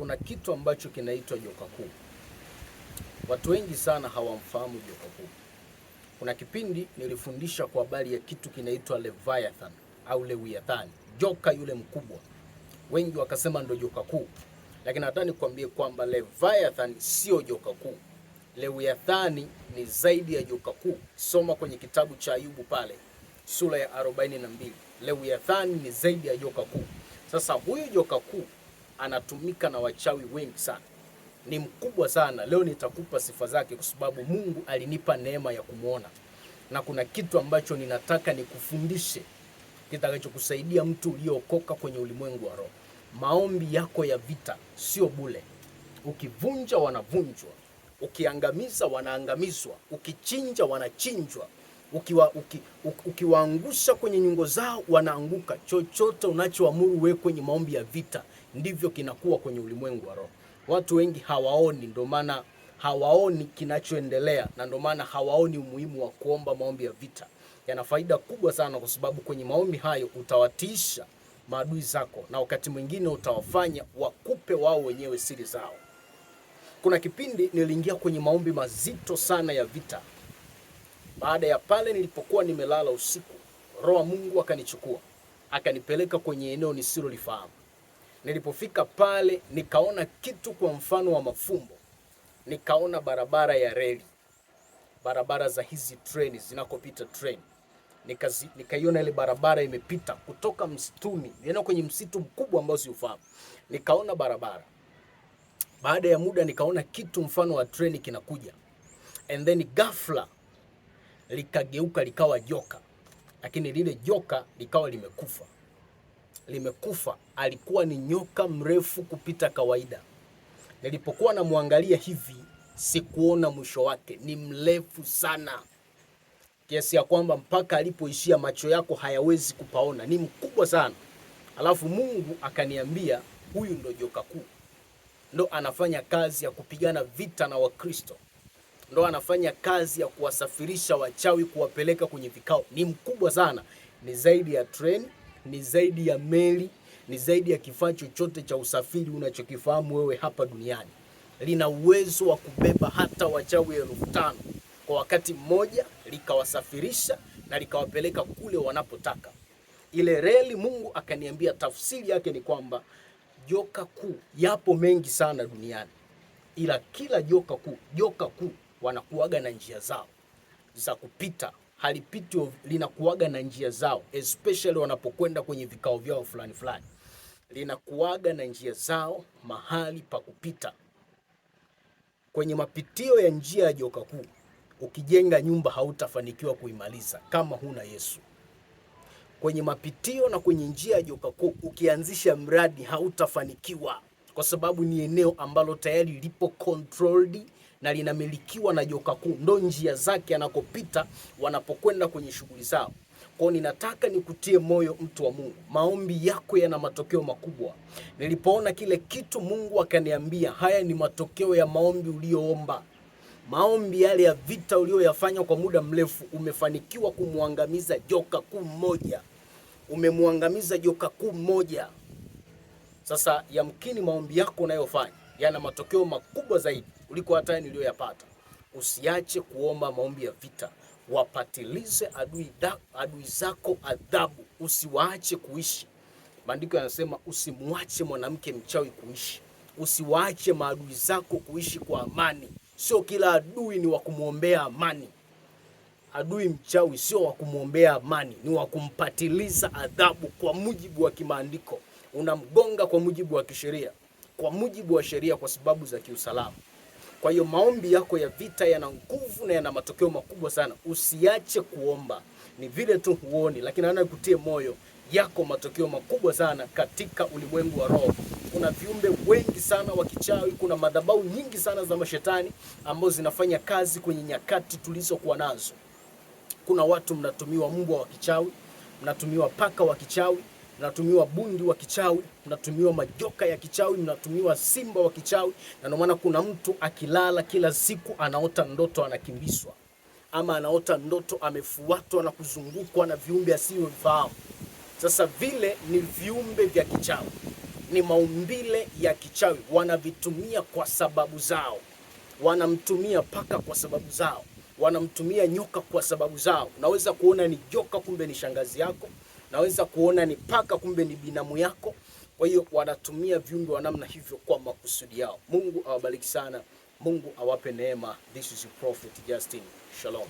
kuna kitu ambacho kinaitwa joka kuu. Watu wengi sana hawamfahamu joka kuu. Kuna kipindi nilifundisha kwa habari ya kitu kinaitwa Leviathan au Leviathan, joka yule mkubwa, wengi wakasema ndo joka kuu, lakini hata nikwambie kwamba Leviathan sio joka kuu. Leviathan ni zaidi ya joka kuu. Soma kwenye kitabu cha Ayubu pale sura ya 42. Leviathan ni zaidi ya joka kuu. Sasa huyu joka kuu anatumika na wachawi wengi sana, ni mkubwa sana. Leo nitakupa sifa zake, kwa sababu Mungu alinipa neema ya kumwona, na kuna kitu ambacho ninataka nikufundishe kitakachokusaidia mtu uliokoka kwenye ulimwengu wa roho. Maombi yako ya vita sio bule. Ukivunja wanavunjwa, ukiangamiza wanaangamizwa, ukichinja wanachinjwa ukiwa uki, ukiwaangusha kwenye nyungo zao wanaanguka. Chochote unachoamuru wewe kwenye maombi ya vita ndivyo kinakuwa kwenye ulimwengu wa roho. Watu wengi hawaoni, ndio maana hawaoni kinachoendelea, na ndio maana hawaoni umuhimu wa kuomba. Maombi ya vita yana faida kubwa sana, kwa sababu kwenye maombi hayo utawatiisha maadui zako, na wakati mwingine utawafanya wakupe wao wenyewe siri zao. Kuna kipindi niliingia kwenye maombi mazito sana ya vita. Baada ya pale nilipokuwa nimelala usiku, roho wa Mungu akanichukua akanipeleka kwenye eneo nisilolifahamu. Nilipofika pale, nikaona kitu kwa mfano wa mafumbo, nikaona barabara ya reli, barabara za hizi treni zinakopita treni nikaiona ile barabara imepita kutoka msituni, nilienda yaani kwenye msitu mkubwa ambao siufahamu, nikaona barabara. Baada ya muda, nikaona kitu mfano wa treni kinakuja, and then ghafla likageuka likawa joka, lakini lile joka likawa limekufa. Limekufa alikuwa ni nyoka mrefu kupita kawaida. Nilipokuwa namwangalia hivi, sikuona mwisho wake. Ni mrefu sana kiasi ya kwamba mpaka alipoishia macho yako hayawezi kupaona, ni mkubwa sana. Alafu Mungu akaniambia huyu ndo joka kuu, ndo anafanya kazi ya kupigana vita na Wakristo ndo anafanya kazi ya kuwasafirisha wachawi kuwapeleka kwenye vikao. Ni mkubwa sana, ni zaidi ya treni, ni zaidi ya meli, ni zaidi ya kifaa chochote cha usafiri unachokifahamu wewe hapa duniani. Lina uwezo wa kubeba hata wachawi elfu tano kwa wakati mmoja, likawasafirisha na likawapeleka kule wanapotaka. Ile reli, Mungu akaniambia tafsiri yake ni kwamba joka kuu, yapo mengi sana duniani, ila kila joka kuu, joka kuu wanakuaga na njia zao za kupita, halipiti linakuaga na njia zao, especially wanapokwenda kwenye vikao vyao fulani fulani, linakuaga na njia zao, mahali pa kupita. Kwenye mapitio ya njia ya joka kuu, ukijenga nyumba hautafanikiwa kuimaliza kama huna Yesu. Kwenye mapitio na kwenye njia ya joka kuu, ukianzisha mradi hautafanikiwa, kwa sababu ni eneo ambalo tayari lipo controlled na linamilikiwa na joka kuu, ndo njia zake anakopita wanapokwenda kwenye shughuli zao. Kwao ninataka nikutie moyo, mtu wa Mungu, maombi yako yana matokeo makubwa. Nilipoona kile kitu, Mungu akaniambia haya ni matokeo ya maombi uliyoomba maombi yale ya vita uliyoyafanya kwa muda mrefu. Umefanikiwa kumwangamiza joka kuu mmoja, umemwangamiza joka kuu mmoja. Sasa yamkini maombi yako unayofanya yana matokeo makubwa zaidi kuliko hatari niliyoyapata. Usiache kuomba maombi ya vita, wapatilize adui, adui zako adhabu, usiwaache kuishi. Maandiko yanasema usimwache mwanamke mchawi kuishi, usiwaache maadui zako kuishi kwa amani. Sio kila adui ni wa kumwombea amani. Adui mchawi sio wa kumwombea amani, ni wa kumpatiliza adhabu kwa mujibu wa kimaandiko. Unamgonga kwa mujibu wa kisheria, kwa mujibu wa sheria, kwa sababu za kiusalama. Kwa hiyo maombi yako ya vita yana nguvu na yana matokeo makubwa sana. Usiache kuomba, ni vile tu huoni, lakini ana kutie moyo yako matokeo makubwa sana katika ulimwengu wa roho. Kuna viumbe wengi sana wa kichawi, kuna madhabahu nyingi sana za mashetani ambazo zinafanya kazi kwenye nyakati tulizokuwa nazo. Kuna watu mnatumiwa mbwa wa kichawi, mnatumiwa paka wa kichawi mnatumiwa bundi wa kichawi, mnatumiwa majoka ya kichawi, mnatumiwa simba wa kichawi. Na ndio maana kuna mtu akilala kila siku anaota ndoto anakimbizwa, ama anaota ndoto amefuatwa na kuzungukwa na viumbe asivyovifahamu. Sasa vile ni viumbe vya kichawi, ni maumbile ya kichawi, wanavitumia kwa sababu zao. Wanamtumia paka kwa sababu zao, wanamtumia nyoka kwa sababu zao. Unaweza kuona ni joka, kumbe ni shangazi yako naweza kuona ni paka, kumbe ni binamu yako. Kwa hiyo wanatumia viumbe wa namna hivyo kwa makusudi yao. Mungu awabariki sana, Mungu awape neema. This is your prophet Justin. Shalom.